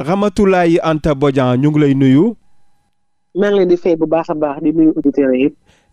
Ramatoulaye Anta Bodian ñu ngi lay nuyu. maa ngi baax a baax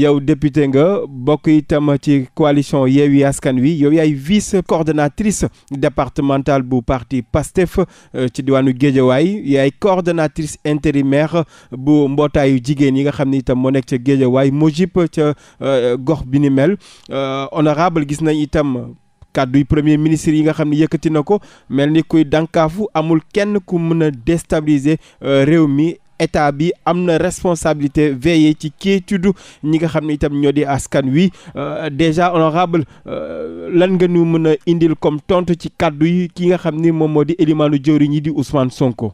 yow député nga bokk itam ci coalition Yewwi Askan Wi yow yaay vice coordonnatrice départementale bu parti PASTEF euh, ci diwaanu Géejawaay yaay coordonnatrice intérimaire bu mbootaayu jigéen yi nga xam ni itam moo nekk ca Géejawaay moo jip ca euh, gox bi ni mel euh, honorable gis nañ itam kaddu yi premier ministre yi nga xam ne yëkkati na ko mel ni kuy dànkaafu amul kenn ku mën a déstabiliser euh, réew mi état bi am na responsabilité veiller ci quiétude ñi nga xam ni itam ñoo di askan wi euh, déjà honorable euh, lan nga ñu mën a indil comme tontu ci kàddu yi ki nga xam ni moom moo di élimaanu jëwriñ yi di Ousmane Sonko.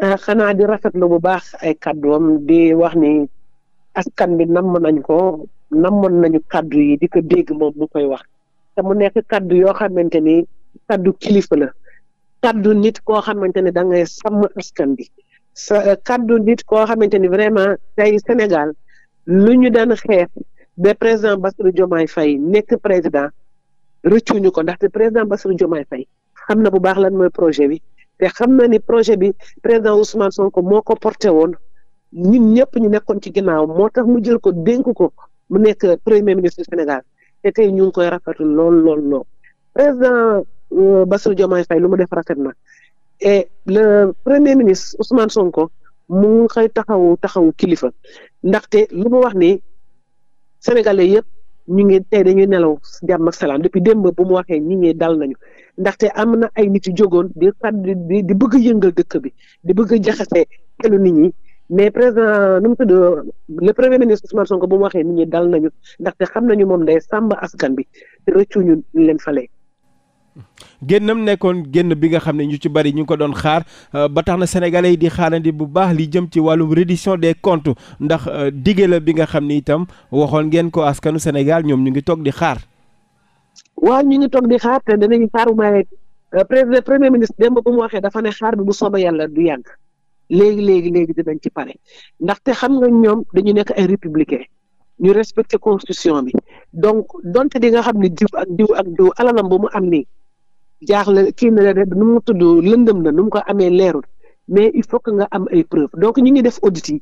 xanaa di rafet rafetlu bu baax ay kàdduwam di wax ni askan bi namm nañ ko namoon nañu kàddu yi di ko dégg moom mu koy wax te mu nekk kaddu yoo xamante ni kaddu kilifa la kaddu nit koo xamante ni da sam sàmm askan bi sa eh, kaddu nit koo xamante ni vraiment tey Sénégal lu ñu daan xeex ba président Bassirou Diomaye fay nekk président rëccuñu ko ndaxte président Bassirou Diomaye Faye xam na bu baax lan mooy projet bi te xam na ni projet bi président Ousmane Sonko moo ko porté woon ñun ñëpp ñu nekkoon ci ginnaaw moo tax mu jël ko dénk ko mu nekk premier ministre Sénégal te tey ñu ngi koy rafetu lool lool lool président euh, Bassirou Diomaye Faye lu ma def rafet na et le premier ministre Ousmane Sonko mu ngi koy taxawu taxawu kilifa ndaxte lu mu wax ni sénégalais yëpp ñu ngi tey dañuy nelaw jàmm ak salaam depuis démb bu mu waxee ñi ngi dal nañu ndaxte am na ay nit yu jógoon di di bëgg yëngal dëkk bi di bëgg jaxase xelu nit ñi. mais président nu mu tudd le premier ministre Ousmane Sonko bu mu waxee nit ñi dal nañu ndaxte xam nañu moom day sàmb askan bi te rëccuñu leen fale. génnam nekkoon génn bi nga xam ne ñu ci bari ñu ngi ko doon xaar euh, ba tax na sénégalais yi di xaarandi bu baax li jëm ci wàllum reddition des comptes ndax euh, dige la bi nga xam ni itam waxoon ngeen ko askanu Sénégal ñoom ñu ngi toog di xaar. waaw ñu ngi toog di xaar te danañu xaar waaye euh, président premier ministre xaar bi bu soobee yàlla du yàgg. léegi léegi léegi dinañ ci pare ndaxte xam nga ñoom dañu nekk ay républicain ñu respecté constitution bi donc donte di nga xam ni diw ak diw ak diw alalam ba mu am nii jaaxle kii na la nu mu tudd lëndëm na nu mu ko amee leeru mais il faut que nga am ay preuve donc ñu ngi def audit yi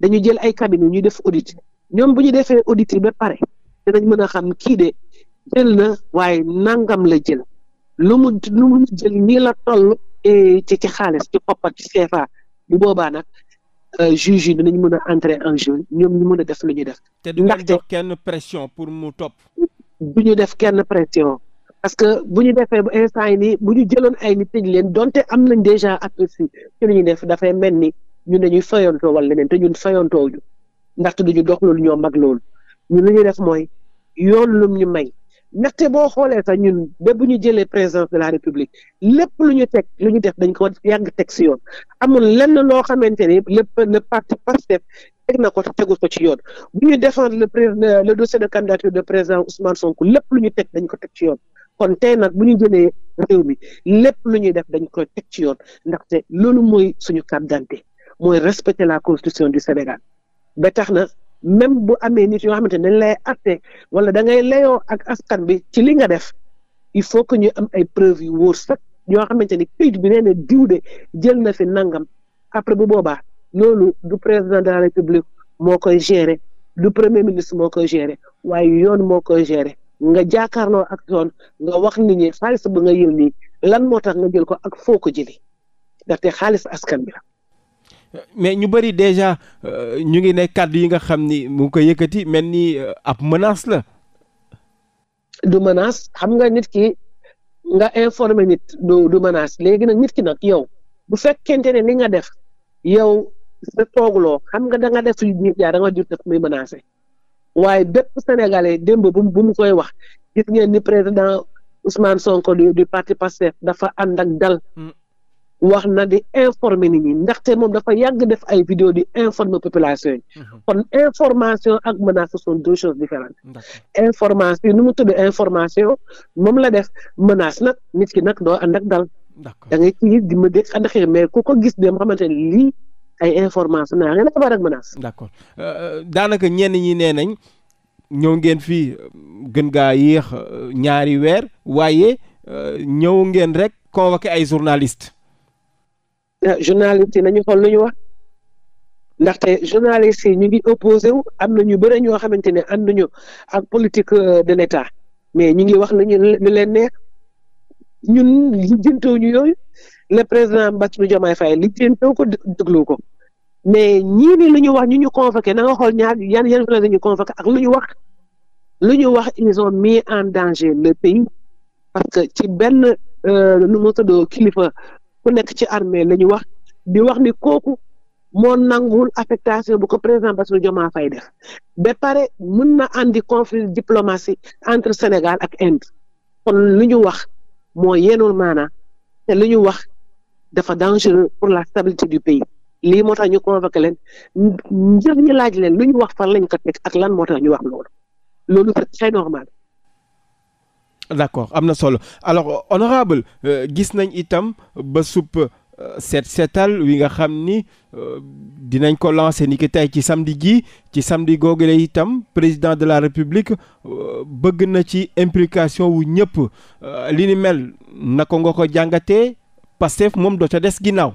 dañu jël ay cabinet ñu def audit ñoom bu ñu defee audit yi ba pare dinañ mën a xam kii de jël na waaye nangam la jël lu mu lu mu jël nii la toll eh, ci ci xaalis ci koppar ci CFA bu boobaa nag euh, juge yi dinañ mën a entrer en jeu ñoom ñu mën a def lu ñuy def. te du ngeen kenn pression pour mu topp. bu ñu def kenn pression. parce que bu ñu defee ba instant yi ni bu ñu jëloon ay nit tëj leen donte am nañ déjà aperçu ci nu ñuy def dafay mel ni ñun dañuy fayantoo wala leneen te ñun fayantoo ñu ndaxte ñu dox loolu ñoo mag loolu ñu li ñuy def mooy yoon lum ñu may ndaxte boo xoolee sax ñun ba bu ñu jëlee présidence de la république lépp lu ñu teg lu ñu def dañ ko yàgg teg si yoon amul lenn loo xamante ni lépp le parti Pastef teg na ko tegu ko ci yoon bu ñu défendre le président le dossier de candidature de président Ousmane Sonko lépp lu ñu teg dañ ko teg ci yoon kon tey nag bu ñu jëlee réew mi lépp lu ñuy def dañ koy teg ci yoon ndaxte loolu mooy suñu carte d'identité mooy respecter la constitution du Sénégal ba tax na même bu amee nit yoo xamante ne dañ lay atte wala da ngay layoo ak askan bi ci li nga def il faut que ñu am ay preuves yu wóor sax yoo xamante ni këyit bi nee na diw de jël na fi nangam après bu boobaa loolu du président de la république moo koy gérer du premier ministre moo koy gérer waaye yoon moo koy gérer nga jàkkaarloo ak yoon nga wax ni ñi xaalis ba nga yël nii lan moo tax nga jël ko ak foo ko jëlee ndaxte xaalis askan bi la. mais ñu bëri déjà euh, ñu ngi ne kàddu yi nga xam ni mu ngi ko yëkkati mel ni euh, ab menace la. du menace xam nga nit ki nga informer nit du du menace léegi nag nit ki nag yow bu fekkente ne li nga def yow sa tooguloo xam nga danga nga def nit yaa da nga jur muy menacé waaye bépp sénégalais démb bu bu mu koy wax gis ngeen ni président Ousmane Sonko du du parti Pastef dafa ànd ak dal. Mm. wax na di informer nit ñi ndaxte moom dafa yàgg def ay vidéo di informer population yi mhm. kon information ak menace ce sont deux choses différentes information nu mu tudd information moom la def menace nag nit ki nag doo ànd ak dal da ngay ci di ma dégg ànd mais ku ko gis dem xamante ne lii ay information naa ngeen xabaar ak menace d'accord euh, euh, daanaka ñeen ñi nee nañ ñëw ngeen fii gën gaa yéex euh, ñaari weer waaye ñëw ngeen rek convoqué ay journaliste Euh, journaliste yi nañu xool lu ñu wax ndaxte journaliste yi ñu ngi opposé wu am na ñu bëre ñoo xamante ne ànduñu ak politique euh, de l' mais ñu ngi wax lu ñu lu leen neex ñun lijjantoo ñu yooyu le président Bassirou Diomaye Faye lijjantoo ko déglu ko mais ñii ni lu ñu wax ñu ñu convoqué na nga xool ñaar yan yan journaliste ñu ak lu ñu wax lu ñu wax ils ont mis en danger le pays parce que ci benn euh, nu mu tudd kilifa. ku nekk ci armée la ñu wax bi wax ni kooku moo nangul affectation bu ko président Bassirou Diomaye fay def ba pare mën na andi conflit diplomatie entre Sénégal ak Inde kon lu ñu wax moo yéenul maanaa te lu ñu wax dafa dangereux pour la stabilité du pays lii moo tax ñu convoqué leen njëf ñu laaj leen lu ñu wax fan lañ ko teg ak lan moo tax ñu wax loolu loolu c'est très normal d'accord am na solo alors honorable euh, gis nañ itam ba supp euh, seet seetal wi nga xam ni euh, dinañ ko lancé ni ki tey ci samedi ji ci samdi googu la itam président de la république bëgg na ci implication wu ñëpp li ni mel naka nga ko jàngatee Pastef moom doo ca des ginnaaw.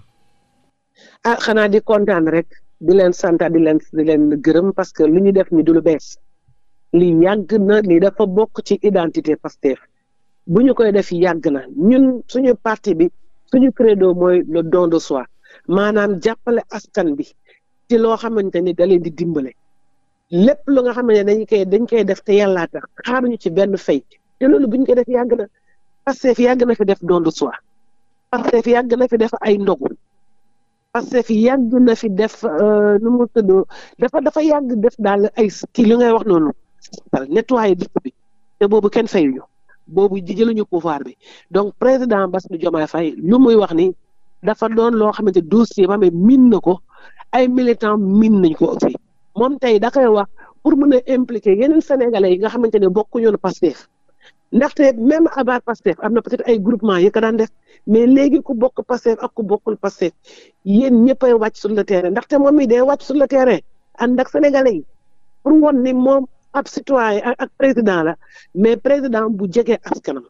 a ah, xanaa di kontaan rek di leen sant di leen di leen gërëm parce que li ñu def ni du lu bees. li yàgg na li dafa bokk ci identité Pastef bu ñu koy def yàgg na ñun suñu parti bi suñu credo mooy le don de soi maanaam jàppale askan bi ci loo xamante ni da leen di dimbale lépp lu nga xamante ne dañ koy dañ koy def te yàllaa tax xaaruñu ci benn fay te loolu bu ñu koy def yàgg na Pastef yàgg na fi def don de soi Pastef yàgg na fi def ay ndogu fi yàgg na fi def euh, nu mu tudd dafa dafa yàgg def daal ay kii li ngay wax noonu. pare nettoyé dëkk bi te boobu kenn fayuñu boobu jëluñu pouvoir bi donc président Bassirou Diomaye Faye lu muy wax ni dafa doon loo xamante dossier ba mais min na ko ay militant min nañ ko aussi moom tey da wax pour mën a impliquer yeneen sénégalais yi nga xamante ne bokkuñu woon Pastef ndaxte même abaat Pastef am na peut-être ay groupement yi ko daan def mais léegi ku bokk Pastef ak ku bokkul Pastef yéen ñëppay wàcc sur le terrain ndaxte moom mi day wàcc sur le terrain ànd ak sénégalais yi pour won ni ab citoyen ak président la mais président bu jege askanam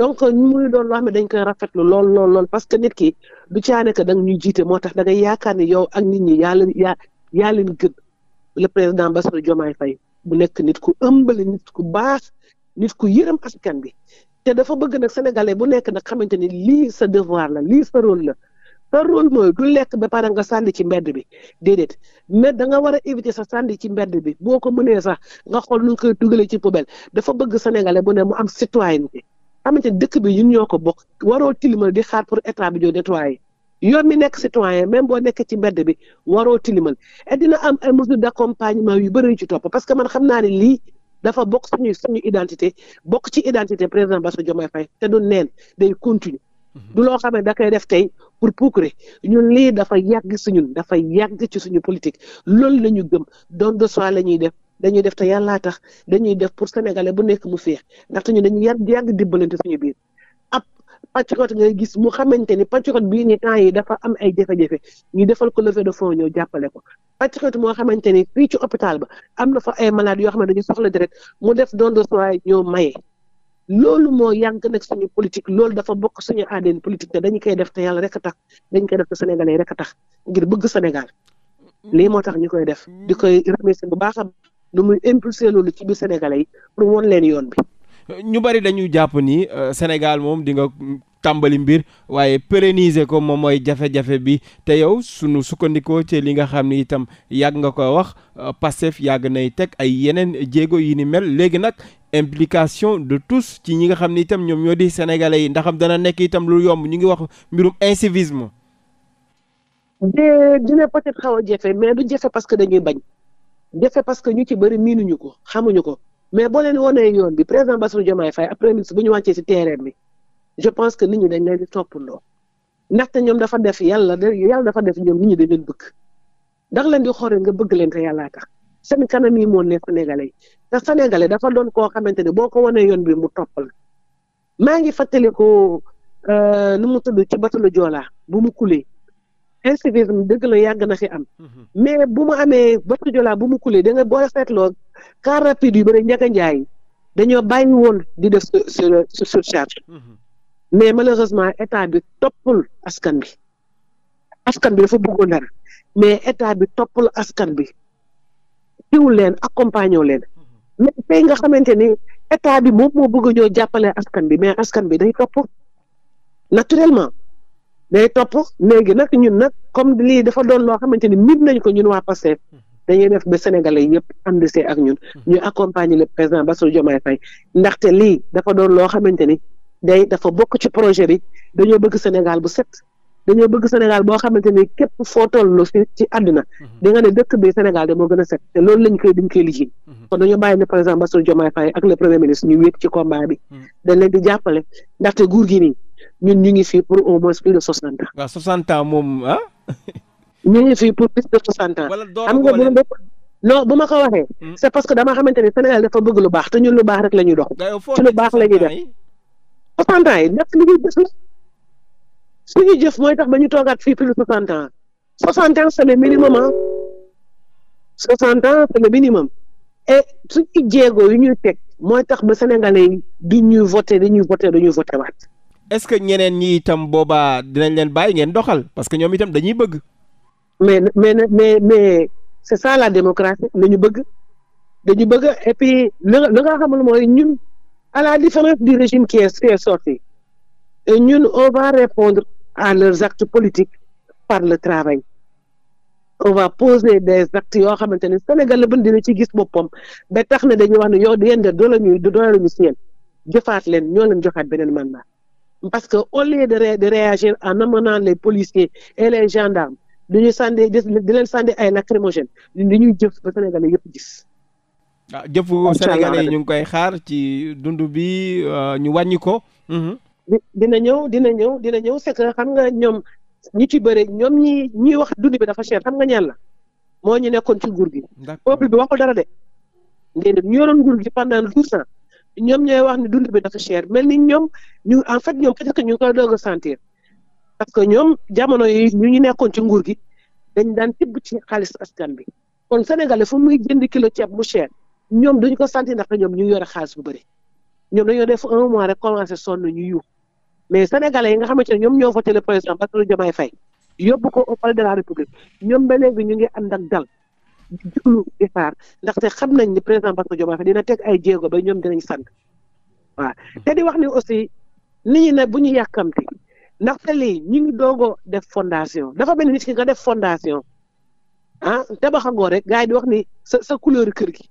donc muy doon loo xam ne dañ koy rafetlu lool lool parce que nit ki du caane que da nga ñuy jiite moo tax da ngay yaakaar ni yow ak nit ñi yaa yaa yaa leen le président Bassirou Diomaye Faye bu nekk nit ku ëmbali nit ku baax nit ku yërëm askan bi te dafa bëgg nag sénégalais bu nekk nag xamante ni lii sa devoir la lii sa rôle la sa rôle mooy du lekk ba pare nga sànni ci mbedd bi déedéet mais da nga war a éviter sa sànni ci mbedd bi boo ko mënee sax nga xool nu koy dugalee ci poubelle dafa bëgg sénégalais bu ne mu am citoyenneté xamante dëkk bi ñun ñoo ko bokk waroo tilimal di xaar pour état bi joo nettoyer yoon mi nekk citoyen même boo nekk ci mbedd bi waroo tilimal et dina am ay mesures d'accompagnement yu bëri ci topp parce que man xam naa ne lii dafa bokk suñu suñu identité bokk ci identité président Bassirou Diomaye Faye te du neen day continuer du loo xam ne da def tey pour puukure ñun lii dafa yàgg suñu ñun dafa yàgg ci suñu politique loolu la ñu gëm don de soi la ñuy def dañuy def te yàllaa tax dañuy def pour sénégalais bu nekk mu féex ndaxte ñu dañu yàgg yàgg dimbalante suñu biir ab patriote ngay gis mu xamante ni patriote bii ni temps yi dafa am ay jafe-jafe ñu defal ko levée de fonds ñëw jàppale ko patriote moo xamante ni fii ci hôpital ba am na fa ay malade yoo xam ne dañu soxla deret mu def don de soi ñoo maye loolu moo yàgg nag suñu politique loolu dafa bokk suñu ADN politique te dañu koy def te yàlla rek a tax dañ koy def te sénégalais rek a tax ngir bëgg senegal lii moo tax ñu koy def di koy remercier bu baax a nu muy impulsé loolu ci biir sénégalais yi pour woon leen yoon bi. ñu bari dañuy jàpp nii euh, Sénégal moom di nga tàmbali mbir waaye pérenniser ko moom mooy jafe-jafe bi te yow sunu sukkandikoo ci li nga xam ni itam yàgg nga ko wax euh, Pastef yàgg nay teg ay yeneen jéego yi ni mel léegi nag implication de tous ci ñi nga xam ni itam ñoom ñoo di sénégalais yi ndax am dana nekk itam lu yomb ñu ngi wax mbirum incivisme. de dina peut-être xaw a jafe mais du jafe parce que dañuy bañ jafe parce que ñu ci bëri miinuñu ko xamuñu ko mais boo leen wonee yoon bi président Bassirou Diomaye Faye après ñu wàccee si terrain bi. je pense que nit ñi dañ leen di toppandoo ndaxte ñoom dafa def yàlla yàlla dafa def ñoom nit ñi dañ leen bëgg dax leen di xool nga bëgg leen te yàllaa tax seen kanam yi moo nekk sénégalais te sénégalais dafa doon koo xamante ne boo ko wanee yoon bi mu topp la maa ngi fàttaliku euh, nu mu tudd ci batalu Joola bu mu kulee incivisme dëgg la yàgg na fi am mhm. mais bu mu amee batalu Joola bu mu kulee da nga boo seetloo car rapide yu bëri njëkk njaay dañoo bàyyi woon di def surcharge mhm. mais malheureusement état bi toppul askan bi askan bi dafa bëggoon dara mais état bi toppul askan bi jiw leen accompagner leen mais tey nga xamante ni état bi moom moo bëgg ñoo jàppale askan bi mais askan bi day topp naturellement day topp léegi nag ñun nag comme lii dafa doon loo xamante ni mit nañ ko ñun waa Pastef dañuy def ba sénégalais yëpp ànd see ak ñun mmh. ñu accompagner le président Bassirou Diomaye Faye ndaxte lii dafa doon loo xamante ni day dafa bokk ci projet bi dañoo bëgg Sénégal bu set dañoo bëgg Sénégal boo xamante ni képp foo toll fi ci àdduna mhm. di nga ne dëkk bi Sénégal de moo gën a set te loolu lañ koy dañ koy liggéey mhm. kon dañoo bàyyi ne par exemple Bassirou Diomaye Faye ak le premier ministre ñu wéet ci combat bi mhm. dañ leen di jàppale ndaxte guur gi nii ñun ñu ngi fii pour au moins plus de soixante ans. waaw soixante ans moom ah. ñu ngi fii pour plus de soixante ans. wala xam nga bu ma non waxee. c'est parce que dama xamante baax te la ñuy dox. ci lu baax la soixante ans yi def li ñuy jëf la mooy tax ba ñu toogaat fii plus soixante ans soixante ans c'est le minimum ah soixante ans c'est le minimum jéego yu ñuy teg mooy tax ba sénégalais yi du ñuy voté dañuy ñuy dañuy voté waat. est-ce que ñeneen ñi itam boobaa dinañ leen bàyyi ngeen doxal parce que ñoom itam dañuy bëgg. mais mais mais mais c'est ça la démocratie bëgg dañu bëgg et puis li mooy ñun. à la différence du régime qui est, qui est sorti et ñun on va répondre à leurs actes politique par le travail on va poser des actes yoo xamante ne Sénégal la bën dina ci gis boppam ba tax na dañuy wax ne yow yéen de doo la ñuy doo la ñu si yéen leen ñoo leen joxaat beneen mandat parce que au lieu de ré de réagir en amenant les policiers et les gendarmes dañuy sànni di leen sànni ay lacrymogènes di ñuy jëf ba Sénégal yëpp gis. waaw ah, jëfu sénégalais yi ñu ngi koy xaar ci dund bi euh, ñu wàññi ko. Mhm. dina ñëw dina ñëw dina ñëw c'est que xam nga ñoom ñi ci bëri ñoom ñii ñi wax dund bi dafa cher xam nga ñaan la moo ñu nekkoon ci nguur gi. peuple bi waxul dara de. ñu yoroon nguur gi pendant douze ans ñooy wax ne dund bi dafa cher mel ni ñoom ñu en fait ñoom peut ñu ngi koy doog a sentir parce que ñoom jamono yi ñu ñu nekkoon ci nguur gi dañ daan tibb ci xaalis askan bi kon Sénégalais fu muy jënd kilo ceeb mu cher. ñoom duñ ko santi ndax ñoom ñu yore xaalis bu bëri ñoom dañoo def un mois rek commencé sonn ñu yuux mais sénégalais yi nga xamante ne ñoom ñoo voté le président Bassirou Diomaye Faye yóbbu ko au palais de la république ñoom ba léegi ñu ngi ànd dal jiglu di ndaxte xam nañ ni président Bassirou Diomaye Faye dina teg ay jéego ba ñoom dinañ sant waaw te di wax ni aussi nit ñi ne bu ñu yàkkamti ndaxte li ñu ngi doogoo def fondation dafa mel ni nit ki nga def fondation ah tabaxagoo rek gars yi di wax ni sa sa couleur kër gi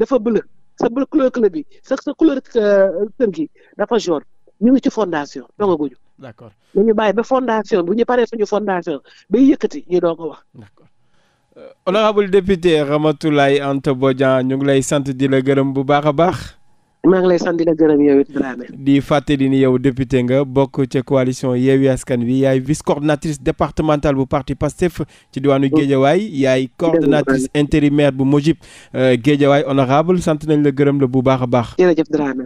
dafa bleu sa bleu couleur club bi sa sa couleur euh, kër gi dafa jaune ñu ngi ci fondation doog a guñu. d'accord ñu bàyyi ba fondation bu ñu paree suñu fondation ba yëkkati ñu doo ko wax. Euh, honorable député Ramatoulaye Anta Bodian ñu ngi lay sant di la gërëm bu baax a baax. maa ngi lay sant di la gërëm yow di fàttali yow député nga bokk ca coalition Yewwi Askan Wi yaay vice coordonnatrice départementale bu parti PASTEF ci diwaanu mm. Géejawaay yaay coordonnatrice intérimaire bu Mojib euh, Géejawaay honorable sant nañ la gërëm la bu baax a baax.